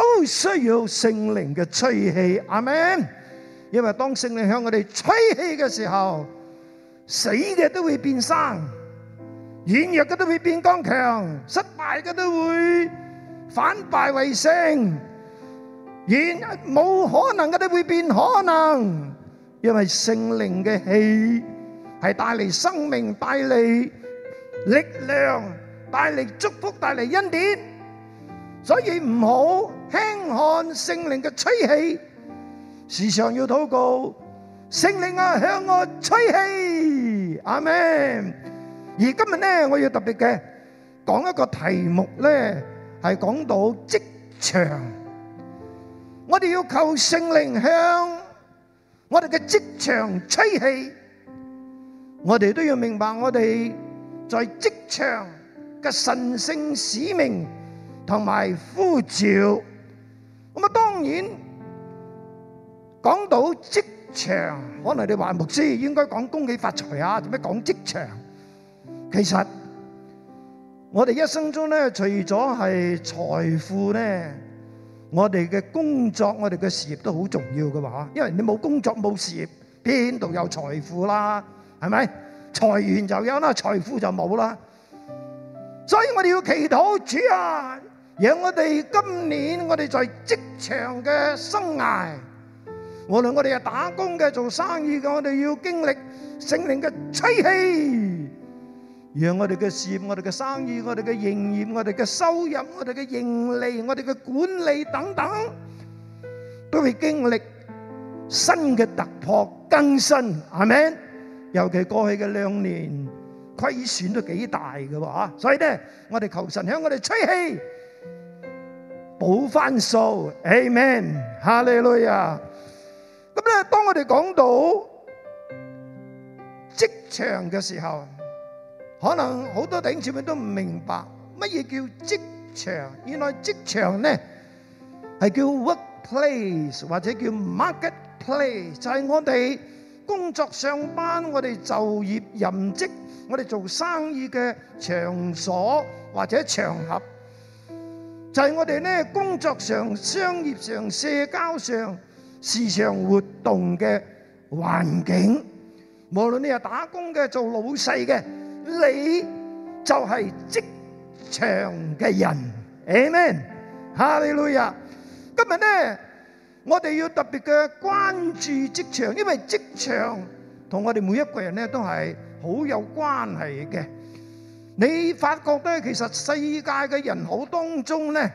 都需要聖靈嘅吹氣，阿門。因為當聖靈向我哋吹氣嘅時候，死嘅都會變生，軟弱嘅都會變剛強，失敗嘅都會反敗為勝，然冇可能嘅都會變可能。因為聖靈嘅氣係帶嚟生命，帶嚟力量，帶嚟祝福，帶嚟恩典。所以唔好輕看聖靈嘅吹氣，時常要禱告，聖靈啊，向我吹氣，阿門。而今日咧，我要特別嘅講一個題目咧，係講到職場。我哋要求聖靈向我哋嘅職場吹氣，我哋都要明白我哋在職場嘅神聖使命。同埋呼召，咁啊，當然講到職場，可能你話牧師應該講恭喜發財啊，做咩講職場？其實我哋一生中咧，除咗係財富咧，我哋嘅工作、我哋嘅事業都好重要嘅話，因為你冇工作冇事業，邊度有財富啦？係咪？財源就有啦，財富就冇啦。所以我哋要祈禱主啊！讓我哋今年我哋在職場嘅生涯，無論我哋係打工嘅、做生意嘅，我哋要經歷聖靈嘅吹氣，讓我哋嘅事業、我哋嘅生意、我哋嘅營業、我哋嘅收入、我哋嘅盈利、我哋嘅管理等等，都會經歷新嘅突破更新。阿們，尤其過去嘅兩年虧損都幾大㗎喎，所以咧我哋求神向我哋吹氣。補翻數，Amen，哈利路亞。咁咧，當我哋講到職場嘅時候，可能好多弟兄姊妹都唔明白乜嘢叫職場。原來職場咧係叫 workplace 或者叫 marketplace，就係我哋工作上班，我哋就業、任職，我哋做生意嘅場所或者場合。就係、是、我哋呢工作上、商業上、社交上、市場活動嘅環境。無論你係打工嘅、做老細嘅，你就係職場嘅人。Amen。哈利路亞。今日呢，我哋要特別嘅關注職場，因為職場同我哋每一個人呢都係好有關係嘅。你發覺咧，其實世界嘅人口當中咧，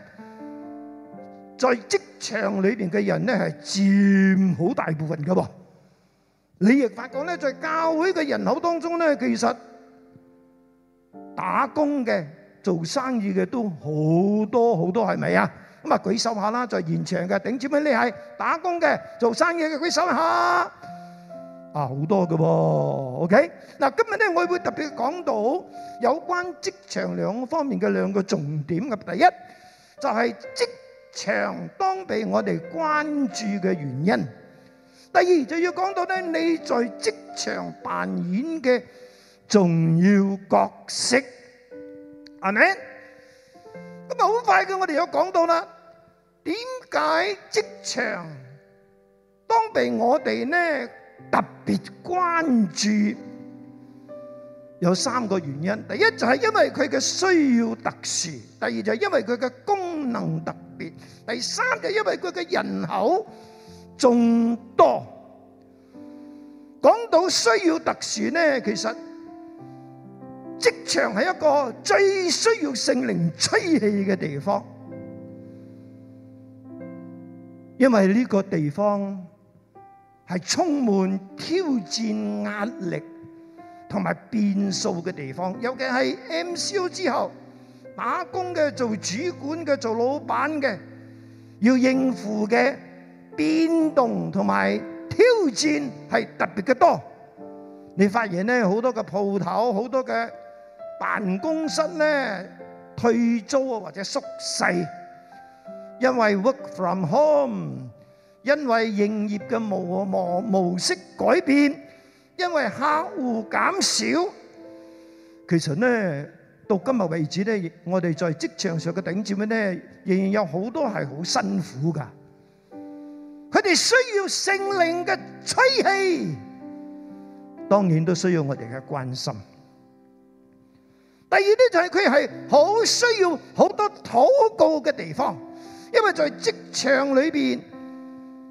在職場裏邊嘅人咧係佔好大部分㗎喎。你亦發覺咧，在教會嘅人口當中咧，其實打工嘅、做生意嘅都好多好多，係咪啊？咁啊舉手下啦，在現場嘅頂住乜？你係打工嘅、做生意嘅，舉手下。啊，好多嘅喎，OK。嗱，今日咧，我會特別講到有關職場兩個方面嘅兩個重點嘅。第一就係職場當被我哋關注嘅原因；第二就要講到咧，你在職場扮演嘅重要角色，阿們？咁啊，好快嘅，我哋有講到啦。點解職場當被我哋咧？特別關注有三個原因，第一就係因為佢嘅需要特殊，第二就係因為佢嘅功能特別，第三就係因為佢嘅人口眾多。講到需要特殊呢，其實職場係一個最需要聖靈吹氣嘅地方，因為呢個地方。係充滿挑戰、壓力同埋變數嘅地方，尤其係 MCO 之後打工嘅、做主管嘅、做老闆嘅，要應付嘅變動同埋挑戰係特別嘅多。你發現咧，好多嘅鋪頭、好多嘅辦公室咧，退租啊，或者縮細，因為 work from home。因為營業嘅模模模式改變，因為客戶減少，其實咧到今日為止咧，我哋在職場上嘅頂尖咧，仍然有好多係好辛苦噶佢哋需要聖靈嘅吹氣，當然都需要我哋嘅關心。第二啲就係佢係好需要好多禱告嘅地方，因為在職場裏邊。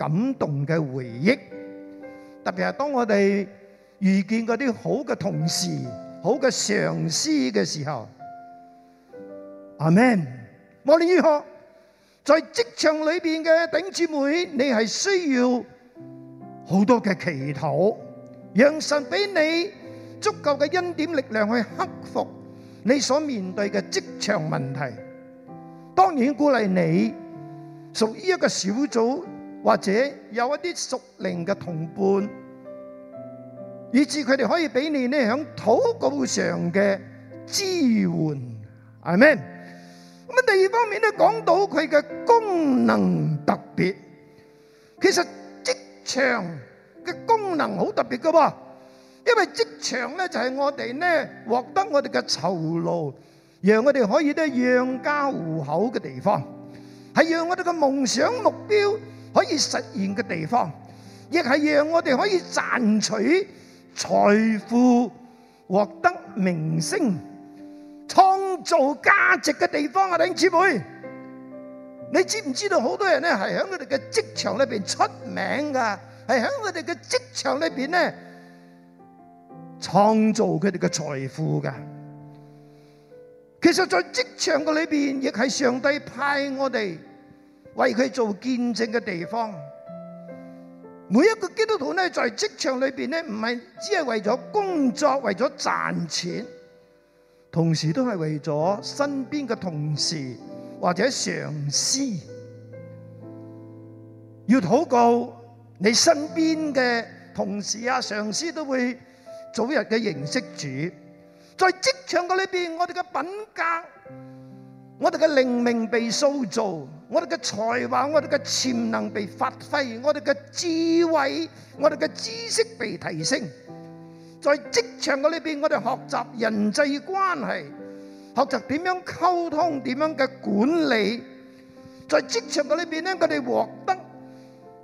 感動嘅回憶，特別係當我哋遇見嗰啲好嘅同事、好嘅上司嘅時候，阿們。無論如何，在職場裏邊嘅頂姊妹，你係需要好多嘅祈禱，讓神俾你足夠嘅恩典力量去克服你所面對嘅職場問題。當然鼓勵你，屬於一個小組。或者有一啲屬靈嘅同伴，以致佢哋可以俾你咧喺禱告上嘅支援。阿們，咁啊，第二方面咧講到佢嘅功能特別。其實職場嘅功能好特別噶喎，因為職場咧就係我哋咧獲得我哋嘅酬勞，讓我哋可以咧養家餬口嘅地方，係讓我哋嘅夢想目標。可以實現嘅地方，亦係讓我哋可以賺取財富、獲得名聲、創造價值嘅地方啊！頂姊妹，你知唔知道好多人咧係喺佢哋嘅職場裏邊出名噶，係喺佢哋嘅職場裏邊咧創造佢哋嘅財富嘅。其實在職場嘅裏邊，亦係上帝派我哋。為佢做見證嘅地方，每一個基督徒咧，在職場裏邊咧，唔係只係為咗工作，為咗賺錢，同時都係為咗身邊嘅同事或者上司，要禱告，你身邊嘅同事啊、上司都會早日嘅認識主。在職場裏邊，我哋嘅品格。我哋嘅靈命被塑造，我哋嘅才華、我哋嘅潛能被發揮，我哋嘅智慧、我哋嘅知識被提升。在職場裡呢邊，我哋學習人際關係，學習點樣溝通，點樣嘅管理。在職場裡呢邊咧，佢哋獲得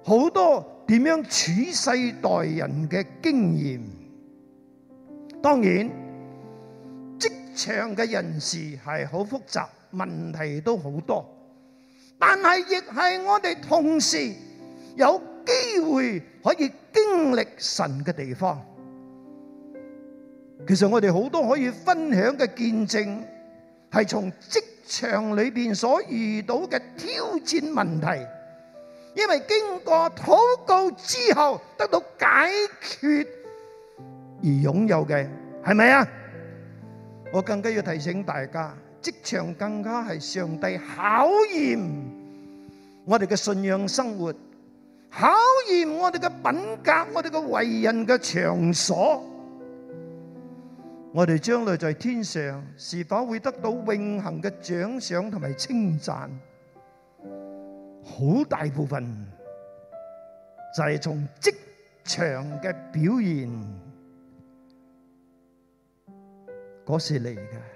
好多點樣處世待人嘅經驗。當然，職場嘅人事係好複雜。問題都好多，但係亦係我哋同時有機會可以經歷神嘅地方。其實我哋好多可以分享嘅見證，係從職場裏邊所遇到嘅挑戰問題，因為經過禱告之後得到解決而擁有嘅，係咪啊？我更加要提醒大家。職場更加係上帝考驗我哋嘅信仰生活，考驗我哋嘅品格，我哋嘅為人嘅場所。我哋將來在天上是否會得到永恆嘅獎賞同埋稱讚？好大部分就係從職場嘅表現，嗰時嚟嘅。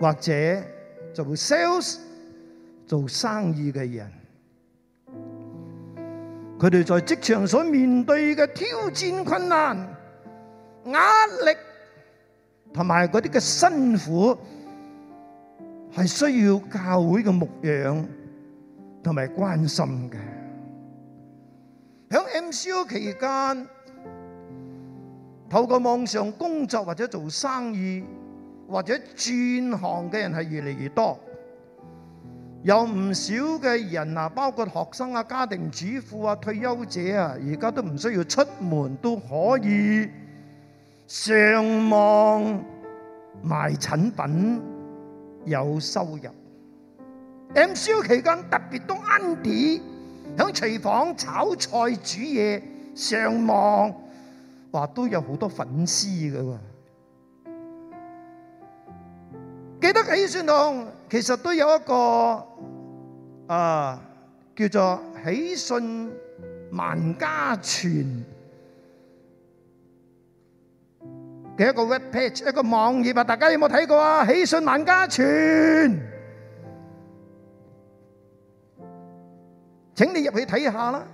或者做 sales、做生意嘅人，佢哋在職場所面對嘅挑戰、困難、壓力同埋嗰啲嘅辛苦，係需要教會嘅牧養同埋關心嘅。喺 MCO 期間，透過網上工作或者做生意。或者轉行嘅人係越嚟越多，有唔少嘅人啊，包括學生啊、家庭主婦啊、退休者啊，而家都唔需要出門，都可以上網賣產品，有收入。MCU 期間特別多 Andy 喺廚房炒菜煮嘢上網，話都有好多粉絲㗎喎。記得喜信堂其實都有一個啊叫做喜信萬家傳嘅一個 web page，一個網頁啊，大家有冇睇過啊？喜信萬家傳，請你入去睇下啦，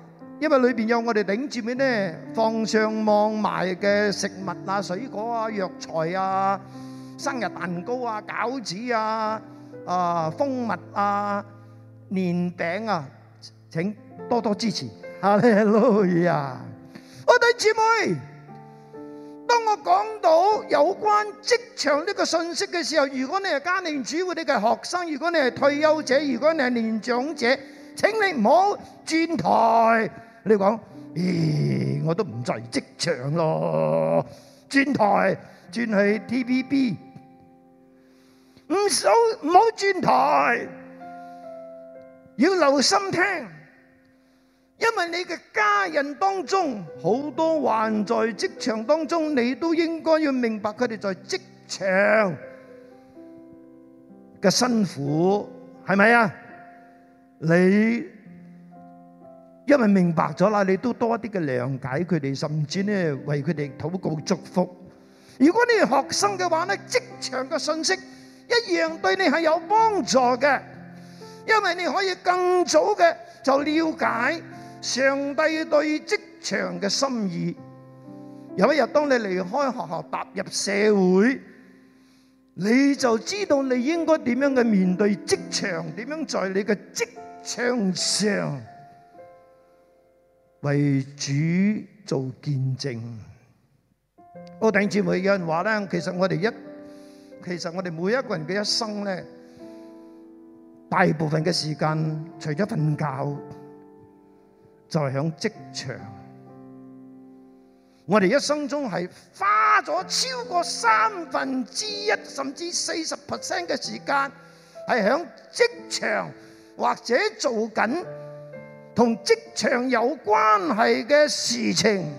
因為裏邊有我哋頂住面咧，放上網賣嘅食物啊、水果啊、藥材啊。生日蛋糕啊、餃子啊、啊蜂蜜啊、年餅啊，請多多支持。哈利路亞！我哋姊妹，當我講到有關職場呢個信息嘅時候，如果你係家庭主婦，你嘅學生，如果你係退休者，如果你係年長者，請你唔好轉台。你講，咦，我都唔在職場咯，轉台轉去 TVB。唔好唔好轉台，要留心聽，因為你嘅家人當中好多還在職場當中，你都應該要明白佢哋在職場嘅辛苦係咪啊？你因為明白咗啦，你都多啲嘅諒解佢哋，甚至呢為佢哋禱告祝福。如果你係學生嘅話呢，職場嘅信息，一樣對你係有幫助嘅，因為你可以更早嘅就了解上帝對職場嘅心意。有一日，當你離開學校踏入社會，你就知道你應該點樣嘅面對職場，點樣在你嘅職場上為主做見證。我哋姊妹有人話咧，其實我哋一其實我哋每一個人嘅一生咧，大部分嘅時間，除咗瞓覺，就係響職場。我哋一生中係花咗超過三分之一，甚至四十 percent 嘅時間，係響職場或者做緊同職場有關係嘅事情。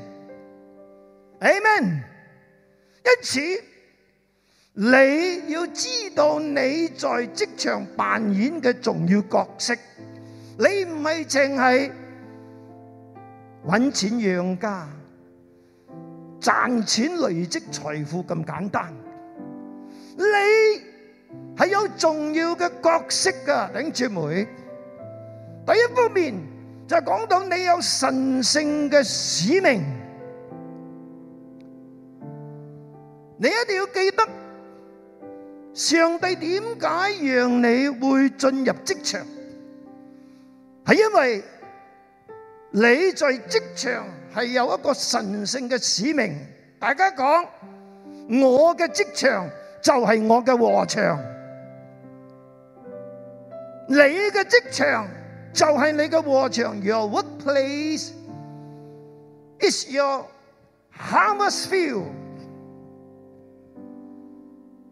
Amen。因此。你要知道你在職場扮演嘅重要角色，你唔係淨係搵錢養家、賺錢累積財富咁簡單，你係有重要嘅角色噶，弟兄姊妹。第一方面就係講到你有神聖嘅使命，你一定要記得。上帝點解讓你會進入職場？係因為你在職場係有一個神聖嘅使命。大家講，我嘅職場就係我嘅和場。你嘅職場就係你嘅和場。Your workplace is your harvest field.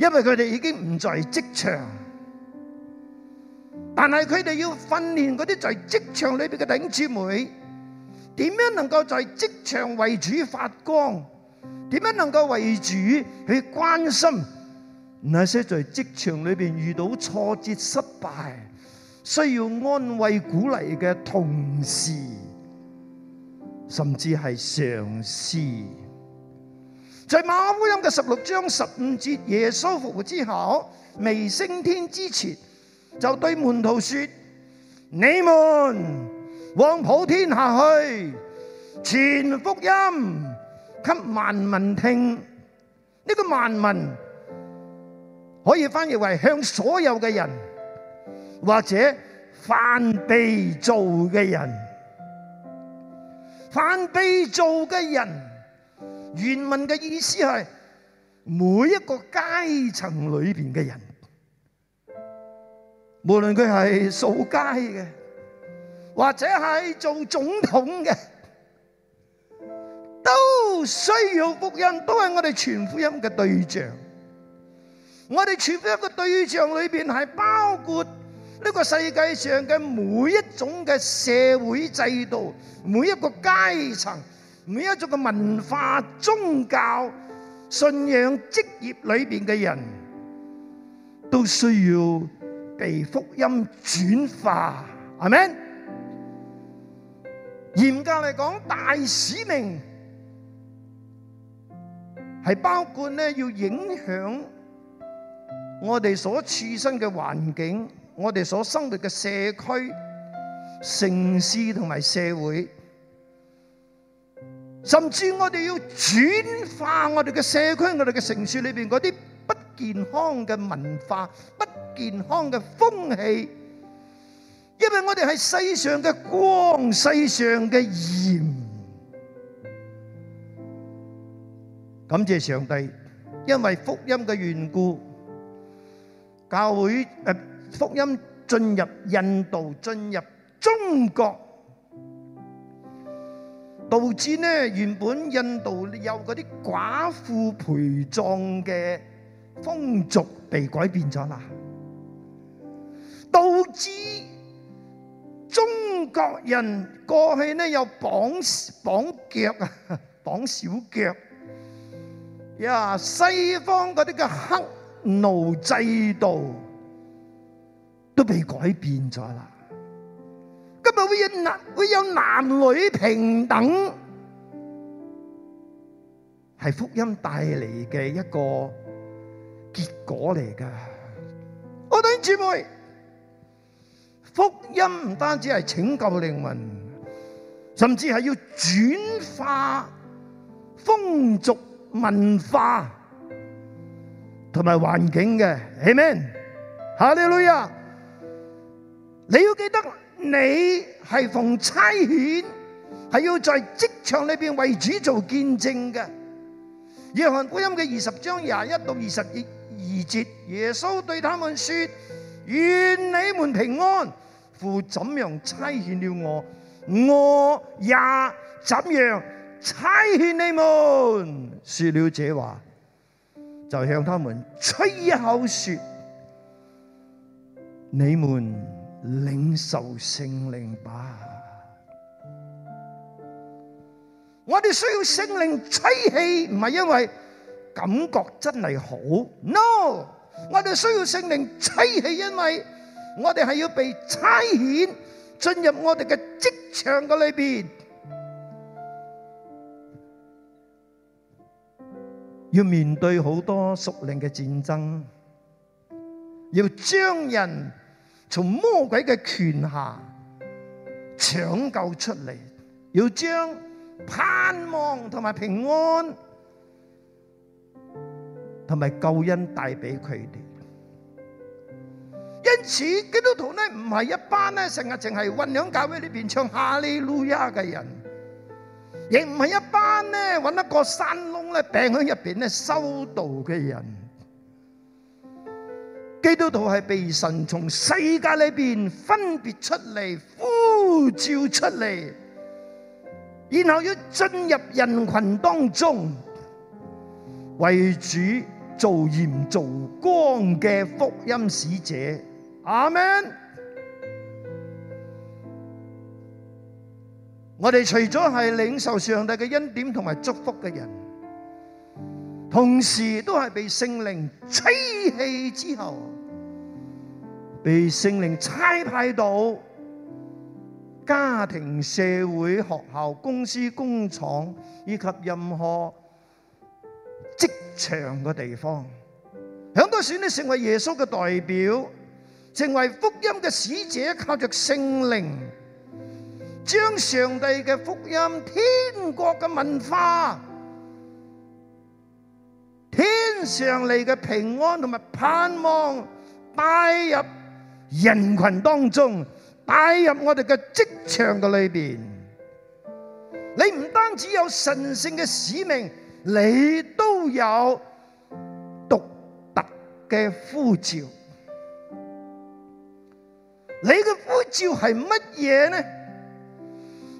因為佢哋已經唔在職場，但係佢哋要訓練嗰啲在職場裏邊嘅頂姐妹，點樣能夠在職場為主發光，點樣能夠為主去關心那些在職場裏邊遇到挫折、失敗、需要安慰鼓勵嘅同事，甚至係上司。在馬可福音嘅十六章十五節，耶穌復活之後，未升天之前，就對門徒說：你們往普天下去，傳福音給萬民聽。呢、這個萬民可以翻譯為向所有嘅人，或者凡被造嘅人，凡被造嘅人。原文嘅意思係每一個階層裏邊嘅人，無論佢係掃街嘅，或者係做總統嘅，都需要福音，都係我哋傳福音嘅對象。我哋傳福音嘅對象裏邊係包括呢個世界上嘅每一種嘅社會制度，每一個階層。每一族嘅文化、宗教、信仰、職業裏邊嘅人都需要被福音轉化，係咪？嚴格嚟講，大使命係包括咧，要影響我哋所處身嘅環境，我哋所生活嘅社區、城市同埋社會。甚至我哋要轉化我哋嘅社區、我哋嘅城市裏邊嗰啲不健康嘅文化、不健康嘅風氣，因為我哋係世上嘅光，世上嘅鹽。感謝上帝，因為福音嘅緣故，教會誒福音進入印度，進入中國。導致呢原本印度有嗰啲寡婦陪葬嘅風俗被改變咗啦，導致中國人過去呢有綁綁腳啊，綁小腳呀，西方嗰啲嘅黑奴制度都被改變咗啦。會有男會有男女平等，係福音帶嚟嘅一個結果嚟噶。我哋姊妹，福音唔單止係拯救靈魂，甚至係要轉化風俗文化同埋環境嘅。阿們，下你女啊，你要記得。你係奉差遣，係要在職場裏邊為主做見證嘅。《約翰福音》嘅二十章廿一到二十二節，耶穌對他們説：願你們平安。父怎樣差遣了我，我也怎樣差遣你們。説了這話，就向他們吹一口説，你們。領受聖靈吧！我哋需要聖靈吹氣，唔係因為感覺真係好。no，我哋需要聖靈吹氣，因為我哋係要被差遣進入我哋嘅職場嘅裏邊，要面對好多屬靈嘅戰爭，要將人。從魔鬼嘅權下搶救出嚟，要將盼望同埋平安同埋救恩帶俾佢哋。因此，基督徒咧唔係一班咧成日淨係混響教會呢邊唱哈利路亞嘅人，亦唔係一班咧揾一個山窿咧病喺入邊咧修道嘅人。基督徒係被神從世界裏邊分別出嚟、呼召出嚟，然後要進入人群當中為主做鹽做光嘅福音使者。阿門。我哋除咗係領受上帝嘅恩典同埋祝福嘅人，同時都係被聖靈吹氣之後，被聖靈差派到家庭、社會、學校、公司、工廠以及任何職場嘅地方，喺嗰時呢，成為耶穌嘅代表，成為福音嘅使者，靠着聖靈將上帝嘅福音、天國嘅文化。上嚟嘅平安同埋盼望帶入人群當中，帶入我哋嘅職場嘅裏邊。你唔單止有神聖嘅使命，你都有獨特嘅呼召。你嘅呼召係乜嘢呢？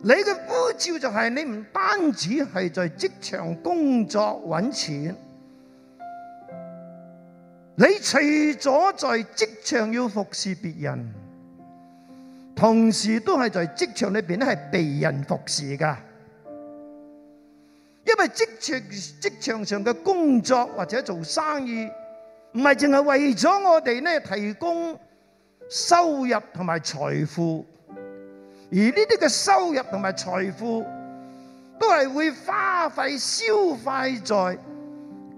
你嘅呼召就係你唔單止係在職場工作揾錢。你除咗在職場要服侍別人，同時都係在職場裏邊咧係被人服侍㗎，因為職場職場上嘅工作或者做生意，唔係淨係為咗我哋咧提供收入同埋財富，而呢啲嘅收入同埋財富都係會花費、消費在。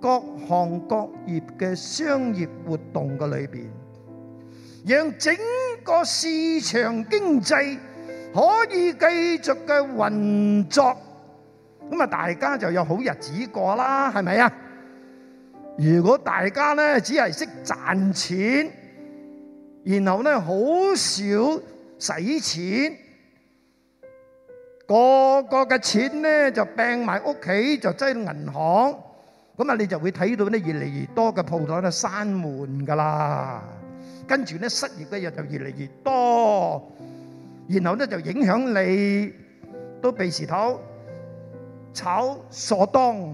各行各業嘅商業活動嘅裏邊，讓整個市場經濟可以繼續嘅運作，咁啊大家就有好日子過啦，係咪啊？如果大家咧只係識賺錢，然後咧好少使錢，個個嘅錢咧就掟埋屋企，就擠銀行。咁啊，你就會睇到咧，越嚟越多嘅鋪頭咧，閂門㗎喇，跟住咧失業嘅人就越嚟越多，然後咧就影響你都被時頭炒傻當。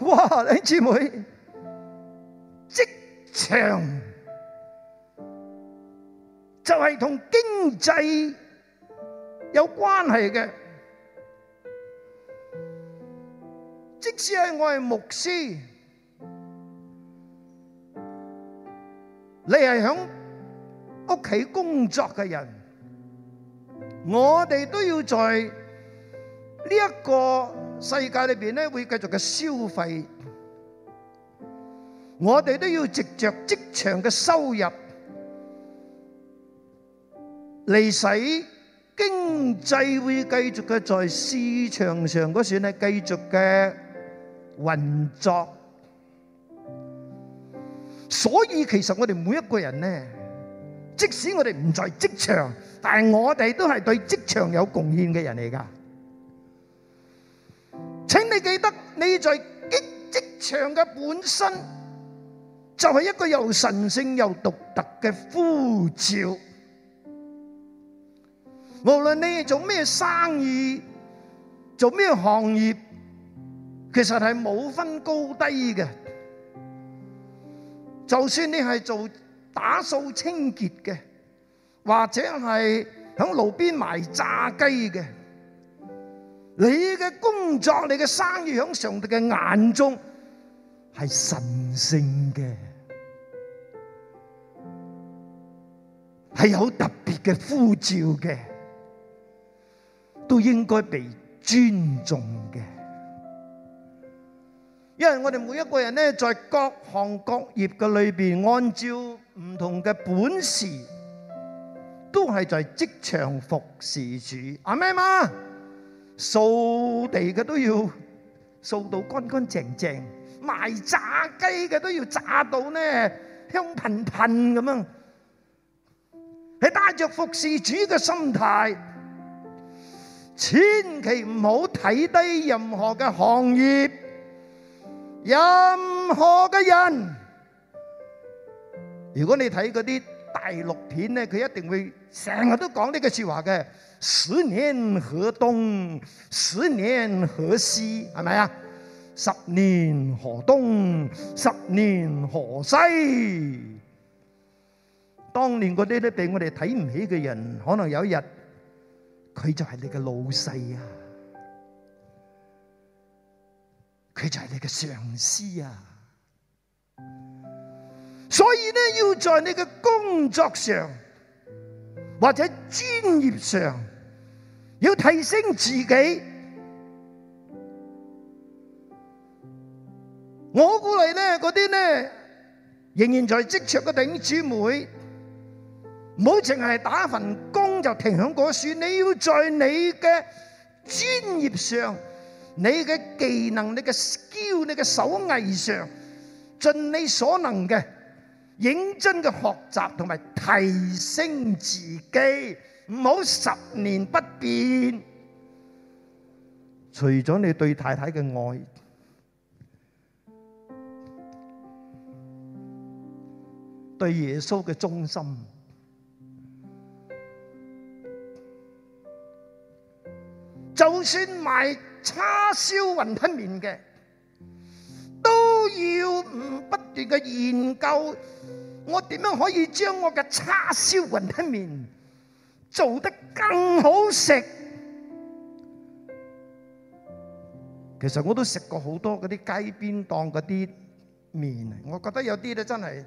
哇！你姊妹職場就係同經濟有關係嘅。即使係我係牧師，你係響屋企工作嘅人，我哋都要在呢一個世界裏邊咧，會繼續嘅消費。我哋都要藉着職場嘅收入嚟使經濟會繼續嘅，在市場上嗰時係繼續嘅運作，所以其實我哋每一個人呢，即使我哋唔在職場，但係我哋都係對職場有貢獻嘅人嚟噶。請你記得，你在職場嘅本身就係一個又神聖又獨特嘅呼召。無論你做咩生意，做咩行業。其實係冇分高低嘅，就算你係做打掃清潔嘅，或者係響路邊賣炸雞嘅，你嘅工作、你嘅生意響上帝嘅眼中係神聖嘅，係有特別嘅呼召嘅，都應該被尊重嘅。因為我哋每一個人呢，在各行各業嘅裏邊，按照唔同嘅本事，都係在職場服侍主，阿咩媽掃地嘅都要掃到乾乾淨淨，賣炸雞嘅都要炸到呢香噴噴咁樣！係帶着服侍主嘅心態，千祈唔好睇低任何嘅行業。任何嘅人，如果你睇嗰啲大陸片咧，佢一定會成日都講呢句說話嘅：十年河東，十年河西，係咪啊？十年河東，十年河西。當年嗰啲咧畀我哋睇唔起嘅人，可能有一日佢就係你嘅老細啊！佢就係你嘅上司啊，所以咧要在你嘅工作上或者專業上要提升自己。我鼓勵咧嗰啲咧仍然在職場嘅頂姊妹，唔好淨係打份工就停響果樹，你要在你嘅專業上。你嘅技能、你嘅 skill、你嘅手藝上，盡你所能嘅認真嘅學習同埋提升自己，唔好十年不變。除咗你對太太嘅愛， 對耶穌嘅忠心， 就算買。叉燒雲吞麵嘅都要不斷嘅研究，我點樣可以將我嘅叉燒雲吞麵做得更好食？其實我都食過好多嗰啲街邊檔嗰啲麵，我覺得有啲咧真係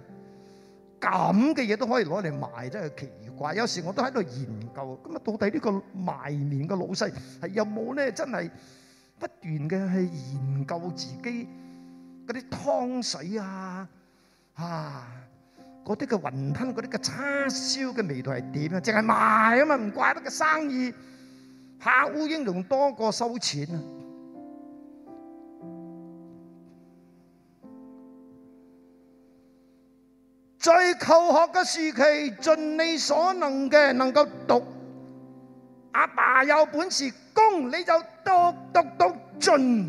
咁嘅嘢都可以攞嚟賣，真係奇怪。有時我都喺度研究，咁啊到底呢個賣麵嘅老細係有冇咧？真係。不斷嘅去研究自己嗰啲湯水啊，啊，嗰啲嘅雲吞，嗰啲嘅叉燒嘅味道係點啊？淨係賣啊嘛，唔怪得個生意吓烏蠅仲多過收錢啊！最求學嘅時期，盡你所能嘅，能夠讀。阿爸，爸有本事，工你就督督督盡。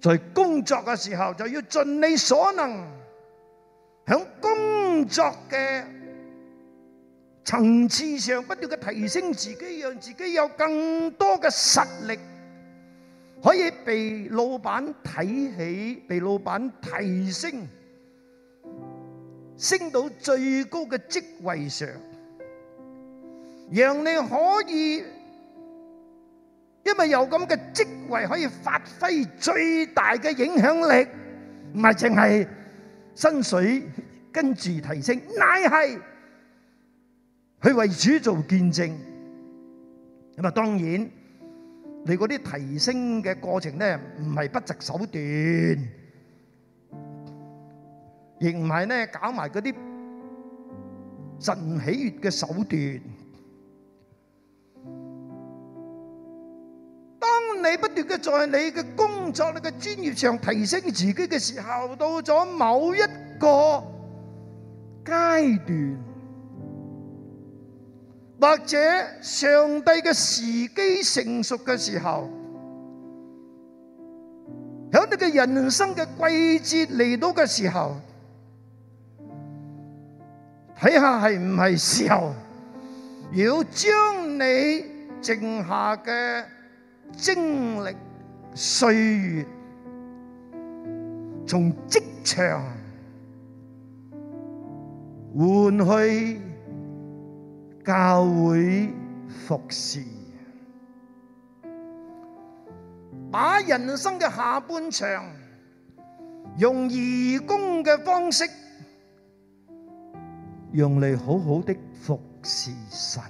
在、就是、工作嘅時候，就要盡你所能，喺工作嘅層次上不斷嘅提升自己，讓自己有更多嘅實力，可以被老闆睇起，被老闆提升。升到最高嘅職位上，讓你可以，因為有咁嘅職位可以發揮最大嘅影響力，唔係淨係薪水跟住提升，乃係去為主做見證。咁啊，當然你嗰啲提升嘅過程咧，唔係不擇手段。亦唔係咧，搞埋嗰啲神喜悅嘅手段。當你不斷嘅在你嘅工作、你嘅專業上提升自己嘅時候，到咗某一個階段，或者上帝嘅時機成熟嘅時候，喺你嘅人生嘅季節嚟到嘅時候。睇下係唔係時候，要將你剩下嘅精力、歲月，從職場換去教會服侍，把人生嘅下半場用義工嘅方式。用嚟好好的服侍神。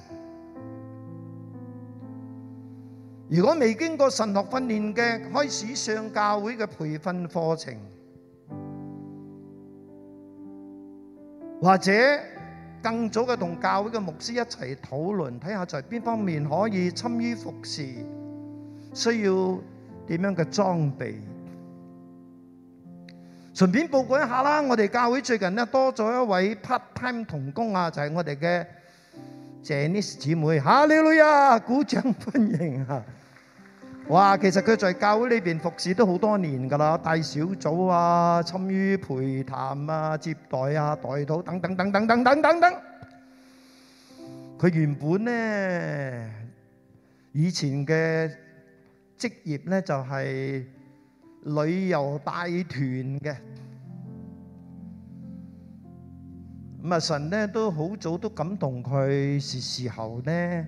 如果未經過神學訓練嘅，開始上教會嘅培訓課程，或者更早嘅同教會嘅牧師一齊討論，睇下在邊方面可以參與服侍，需要點樣嘅裝備。順便報告一下啦，我哋教會最近咧多咗一位 part time 同工啊，就係、是、我哋嘅 Jenny 姊妹，嚇！靚女啊，鼓掌歡迎嚇、啊！哇，其實佢在教會呢邊服侍都好多年㗎啦，帶小組啊、參與陪談啊、接待啊、代禱等等，等等等等等等等等。佢原本呢，以前嘅職業呢，就係、是。旅遊帶團嘅咁啊！神呢都好早都感動佢，是時候呢，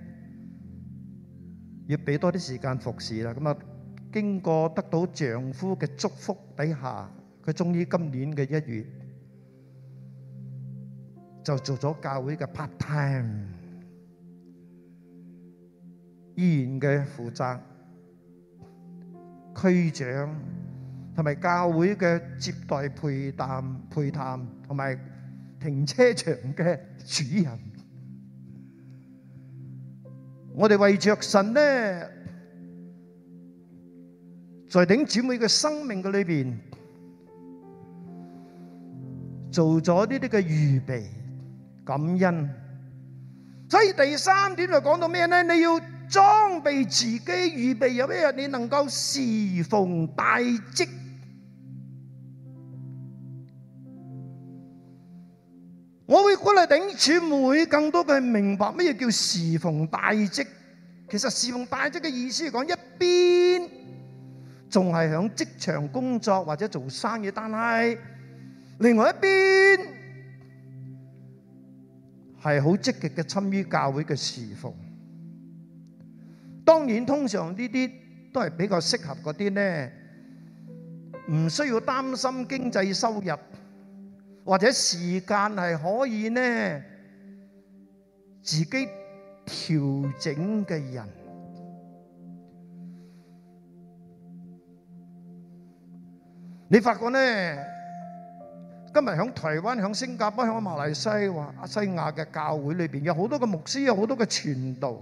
要俾多啲時間服侍啦。咁啊，經過得到丈夫嘅祝福底下，佢終於今年嘅一月就做咗教會嘅 part time 醫院嘅負責區長。同埋教會嘅接待陪談陪談，同埋停車場嘅主人，我哋為着神呢，在頂姊妹嘅生命嘅裏邊做咗呢啲嘅預備，感恩。所以第三點就講到咩呢？你要裝備自己，預備有咩嘢，你能夠侍奉大職。如果嚟頂住每更多嘅係，明白乜嘢叫侍奉帶職，其實侍奉帶職嘅意思係講，一邊仲係響職場工作或者做生意，但係另外一邊係好積極嘅參與教會嘅侍奉。當然，通常呢啲都係比較適合嗰啲呢，唔需要擔心經濟收入。或者時間係可以呢，自己調整嘅人，你發覺呢，今日響台灣、響新加坡、響馬來西亞嘅教會裏邊，有好多嘅牧師，有好多嘅傳道。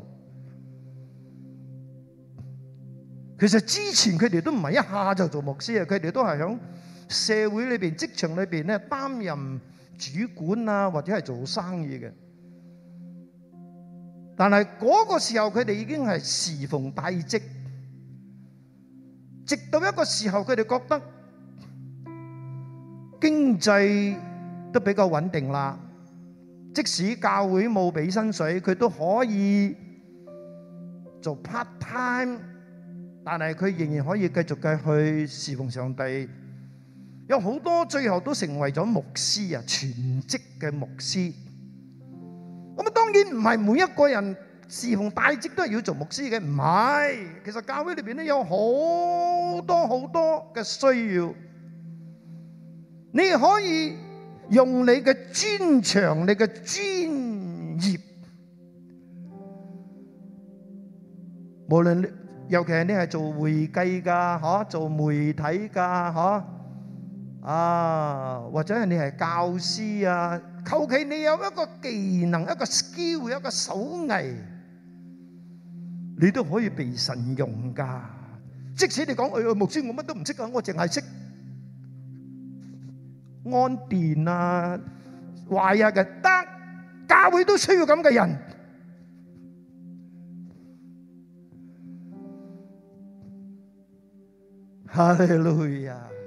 其實之前佢哋都唔係一下就做牧師嘅，佢哋都係響社會裏邊，職場裏邊咧，擔任主管啊，或者係做生意嘅。但係嗰個時候，佢哋已經係侍奉大職。直到一個時候，佢哋覺得經濟都比較穩定啦。即使教會冇俾薪水，佢都可以做 part time，但係佢仍然可以繼續繼續侍奉上帝。有好多最後都成為咗牧師啊，全職嘅牧師。咁啊，當然唔係每一個人侍奉大職都係要做牧師嘅，唔係。其實教會裏邊咧有好多好多嘅需要，你可以用你嘅專長、你嘅專業，無論尤其係你係做會計㗎、嚇做媒體㗎、嚇。啊，或者你係教師啊，求其你有一個技能，一個 skill、一個手藝，你都可以被神用噶。即使你講誒，牧師我乜都唔識噶，我淨係識安電啊、壞啊嘅，得教會都需要咁嘅人。哈利路亞。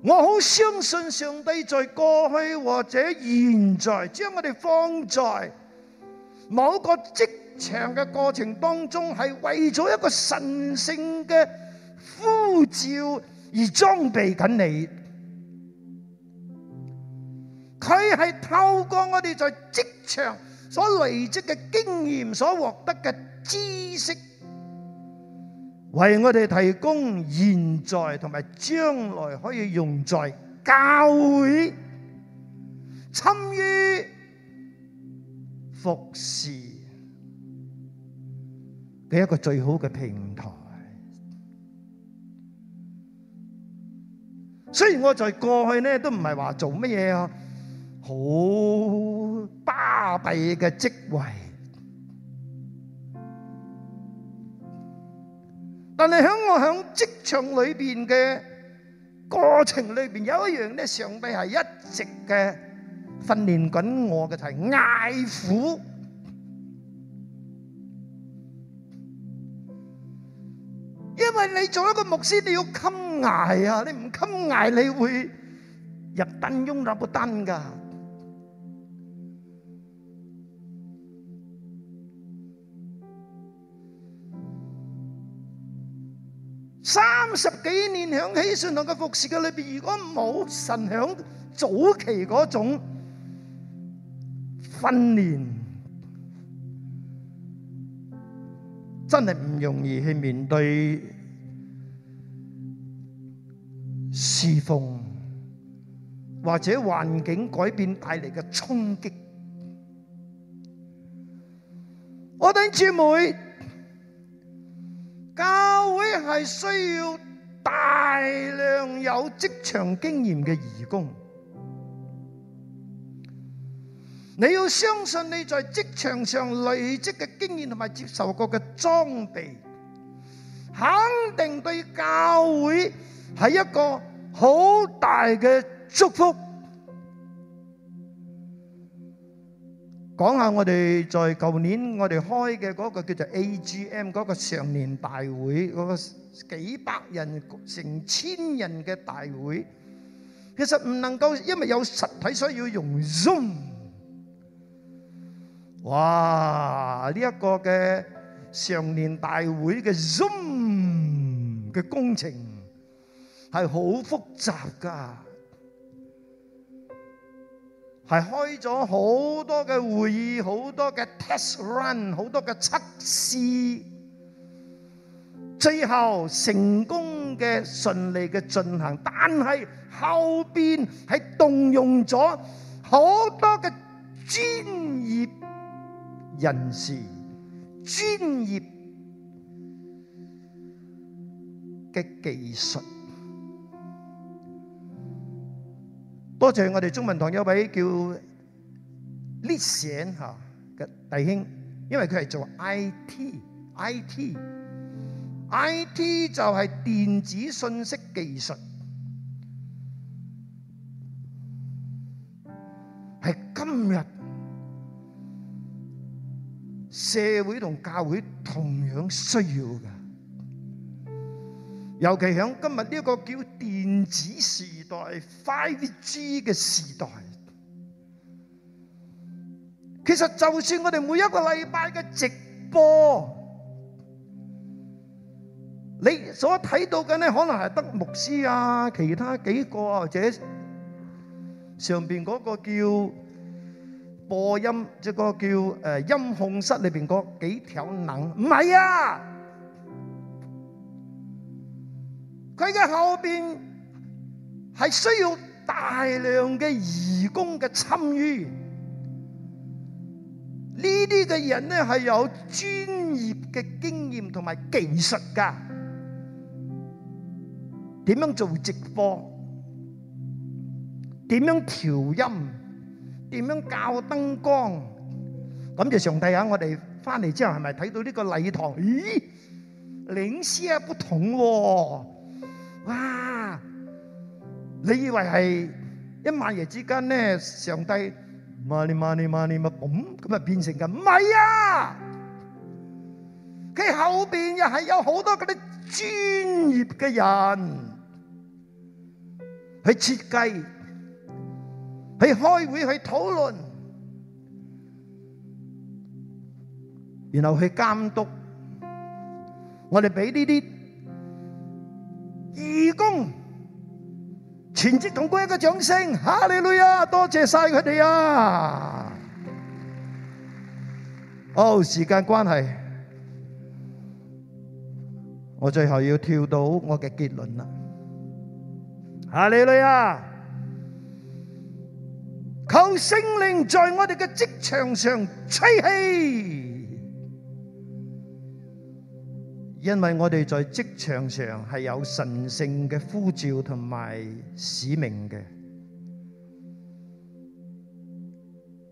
我好相信上帝在過去或者現在，將我哋放在某個職場嘅過程當中，係為咗一個神聖嘅呼召而裝備緊你。佢係透過我哋在職場所累積嘅經驗，所獲得嘅知識，為我哋提供現在同埋將來可以用在教會、參與、服侍嘅一個最好嘅平台。雖然我在過去呢都唔係話做乜嘢啊，好巴閉嘅職位。但係喺我喺職場裏邊嘅過程裏邊有一樣咧，上帝係一直嘅訓練緊我嘅就係捱苦，因為你做一個牧師，你要襟捱啊！你唔襟捱，你會入燈中入個燈㗎。三十幾年喺希順嘅服侍嘅裏邊，如果冇神喺早期嗰種訓練，真係唔容易去面對侍奉或者環境改變帶嚟嘅衝擊。我哋姊妹。係需要大量有職場經驗嘅義工，你要相信你在職場上累積嘅經驗同埋接受過嘅裝備，肯定對教會係一個好大嘅祝福。講下我哋在舊年我哋開嘅嗰個叫做 AGM 嗰個常年大會，嗰個幾百人成千人嘅大會，其實唔能夠因為有實體，所以要用 Zoom。哇！呢一個嘅常年大會嘅 Zoom 嘅工程係好複雜㗎。係開咗好多嘅會議，好多嘅 test run，好多嘅測試，最後成功嘅順利嘅進行。但係後邊係動用咗好多嘅專業人士、專業嘅技術。多謝我哋中文堂有位叫力賢嚇嘅弟兄，因為佢係做 IT，IT，IT 就係電子信息技術，係今日社會同教會同樣需要嘅。尤其喺今日呢個叫電子時代、5G 嘅時代，其實就算我哋每一個禮拜嘅直播，你所睇到嘅呢，可能係德牧師啊，其他幾個、啊、或者上邊嗰個叫播音，即個叫誒音控室裏邊嗰幾條能，唔係啊！佢嘅後邊係需要大量嘅義工嘅參與，呢啲嘅人咧係有專業嘅經驗同埋技術㗎。點樣做直播？點樣調音？點樣校燈光？咁就上帝啊！我哋翻嚟之後係咪睇到呢個禮堂？咦，領詩啊，不同喎。哇！你以為係一晚夜之間咧，上帝嘛，呢嘛呢嘛呢咪咁咁咪變成嘅？唔係啊！佢後邊又係有好多嗰啲專業嘅人去設計，去開會，去討論，然後去監督。我哋俾呢啲。義工，全職同歸一個掌聲，哈利路亞，多謝晒佢哋啊！哦、oh,，時間關係，我最後要跳到我嘅結論啦，哈利路亞，求聖靈在我哋嘅職場上吹氣。因為我哋在職場上係有神聖嘅呼召同埋使命嘅。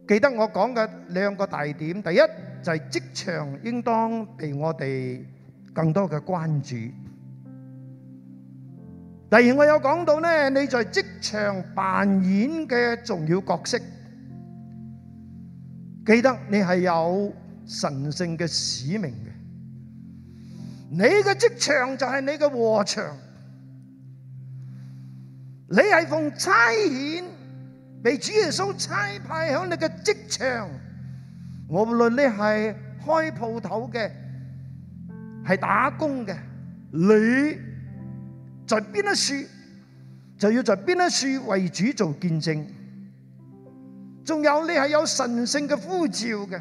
記得我講嘅兩個大點，第一就係職場應當被我哋更多嘅關注。第二，我有講到呢，你在職場扮演嘅重要角色，記得你係有神聖嘅使命嘅。你嘅職場就係你嘅禾場，你係奉差遣，被主耶穌差派喺你嘅職場。我無論你係開鋪頭嘅，係打工嘅，你在邊一處，就要在邊一處為主做見證。仲有你係有神聖嘅呼召嘅。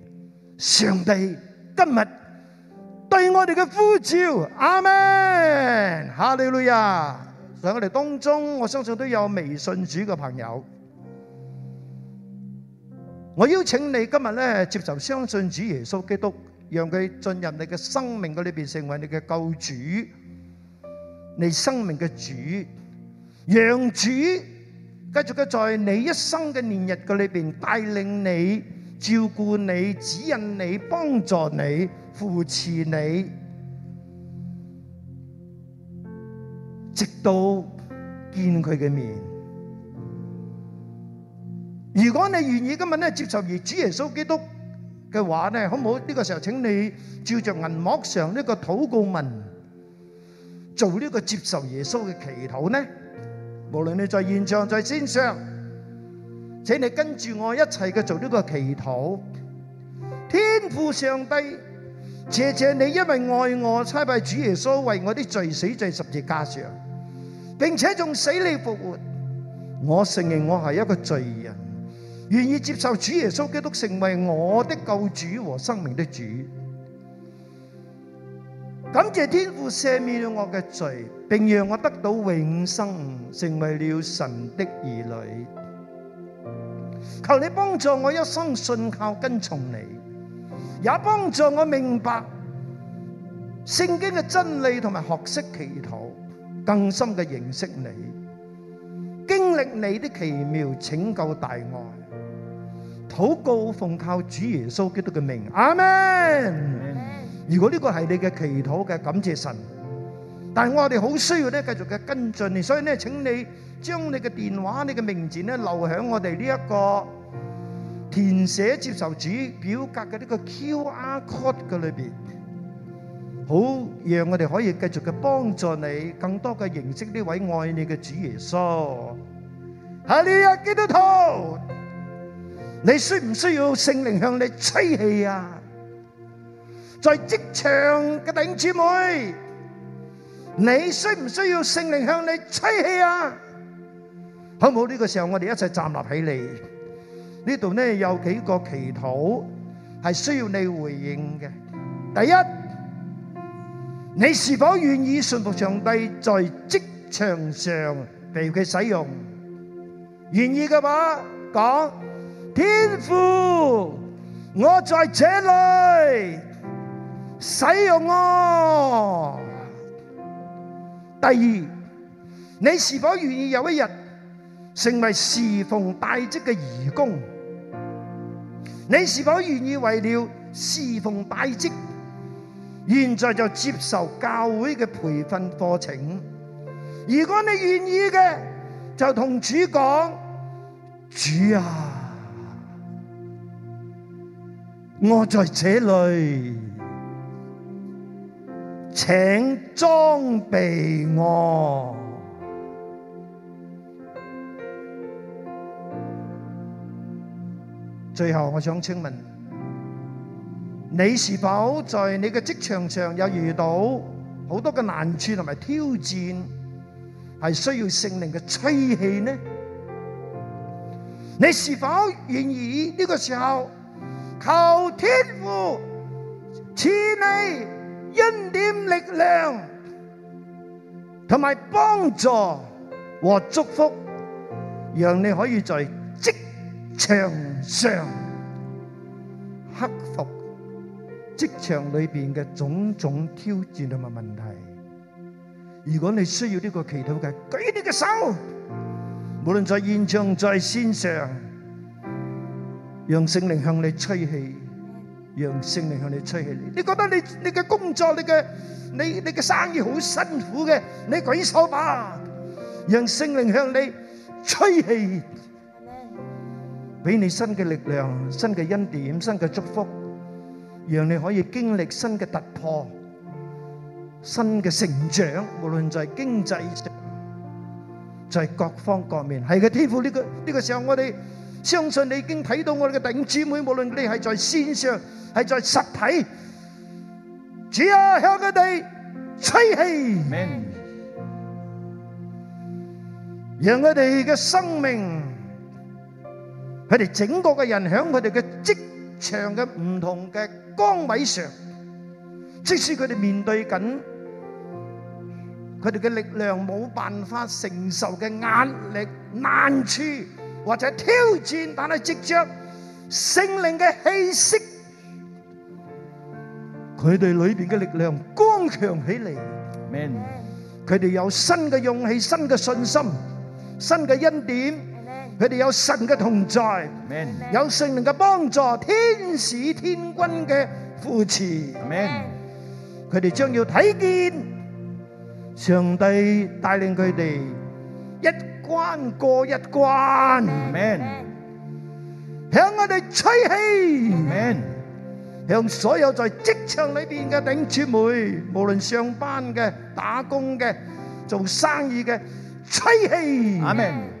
上帝今日對我哋嘅呼召，阿門！哈利路亞！喺我哋當中，我相信都有未信主嘅朋友。我邀請你今日咧，接受相信主耶穌基督，讓佢進入你嘅生命嘅裏邊，成為你嘅救主，你生命嘅主，讓主繼續嘅在你一生嘅年日嘅裏邊帶領你。照顧你、指引你、幫助你、扶持你，直到見佢嘅面。如果你願意今日咧接受主耶穌基督嘅話咧，好唔好？呢個時候請你照着銀幕上呢個禱告文做呢個接受耶穌嘅祈禱呢？無論你在現場，在線上。請你跟住我一齊去做呢個祈禱。天父上帝，謝謝你因為愛我，差派主耶穌為我的罪死在十字架上，並且仲死裏復活。我承認我係一個罪人，願意接受主耶穌基督成為我的救主和生命的主。感謝天父赦免了我嘅罪，並讓我得到永生，成為了神的兒女。求你幫助我一生信靠跟從你，也幫助我明白聖經嘅真理，同埋學識祈禱，更深嘅認識你，經歷你的奇妙拯救大愛，禱告奉靠主耶穌基督嘅名，阿門。如果呢個係你嘅祈禱嘅感謝神，但係我哋好需要咧，繼續嘅跟進你，所以呢，請你。將你嘅電話、你嘅名字咧留喺我哋呢一個填寫接受主表格嘅呢個 QR code 嘅裏邊，好讓我哋可以繼續嘅幫助你，更多嘅認識呢位愛你嘅主耶穌。下呢日基督徒，你需唔需要聖靈向你吹氣啊？在職場嘅弟兄姊妹，你需唔需要聖靈向你吹氣啊？好唔好？呢個時候我哋一齊站立起嚟。呢度呢有幾個祈禱係需要你回應嘅。第一，你是否願意順服上帝在職場上被佢使用？願意嘅話，講天父，我在這裏使用我。第二，你是否願意有一日？成為侍奉拜職嘅義工，你是否願意為了侍奉拜職，現在就接受教會嘅培訓課程？如果你願意嘅，就同主講：主啊，我在這裏，請裝備我。最後，我想請問，你是否在你嘅職場上有遇到好多嘅難處同埋挑戰，係需要聖靈嘅吹氣，氣呢？你是否願意呢個時候求天父賜你一點力量，同埋幫助和祝福，讓你可以在場上克服職場裏邊嘅種種挑戰同埋問題。如果你需要呢個祈禱嘅，舉你嘅手。無論在現場、在綫上，讓聖靈向你吹氣，讓聖靈向你吹氣你。你覺得你你嘅工作、你嘅你你嘅生意好辛苦嘅，你舉手吧，讓聖靈向你吹氣。俾你新嘅力量、新嘅恩典、新嘅祝福，讓你可以經歷新嘅突破、新嘅成長。無論就係經濟，就係各方各面，係嘅天父呢個呢個時候，我哋相信你已經睇到我哋嘅弟兄姊妹，無論你係在線上，係在實體，主啊，向佢哋吹氣，讓佢哋嘅生命。佢哋整個嘅人喺佢哋嘅職場嘅唔同嘅崗位上，即使佢哋面對緊佢哋嘅力量冇辦法承受嘅壓力、難處或者挑戰，但係藉着聖靈嘅氣息，佢哋裏邊嘅力量剛強起嚟。Amen，佢哋有新嘅勇氣、新嘅信心、新嘅恩典。佢哋有神嘅同在，有神能夠幫助，天使天軍嘅扶持，佢哋將要睇見上帝帶領佢哋一關過一關，向我哋吹氣，向所有在職場裏邊嘅頂姊妹，無論上班嘅、打工嘅、做生意嘅，吹氣，阿門。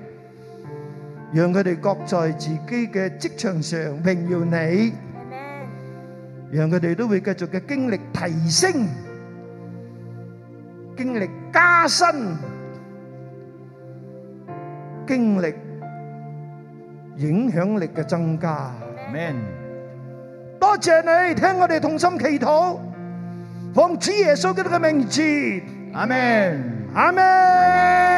讓佢哋各在自己嘅職場上榮耀你。阿門。讓佢哋都會繼續嘅經歷提升、經歷加薪、經歷影響力嘅增加。阿門。多謝你聽我哋同心祈禱，奉主耶穌基督嘅名字。阿門。阿門。